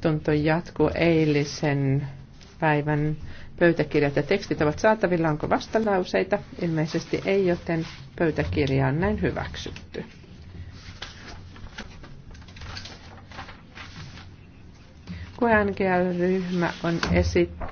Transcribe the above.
Tunto jatkuu eilisen päivän pöytäkirjat ja tekstit ovat saatavilla. Onko vastalauseita? Ilmeisesti ei, joten pöytäkirja on näin hyväksytty. KNGL-ryhmä on esittänyt.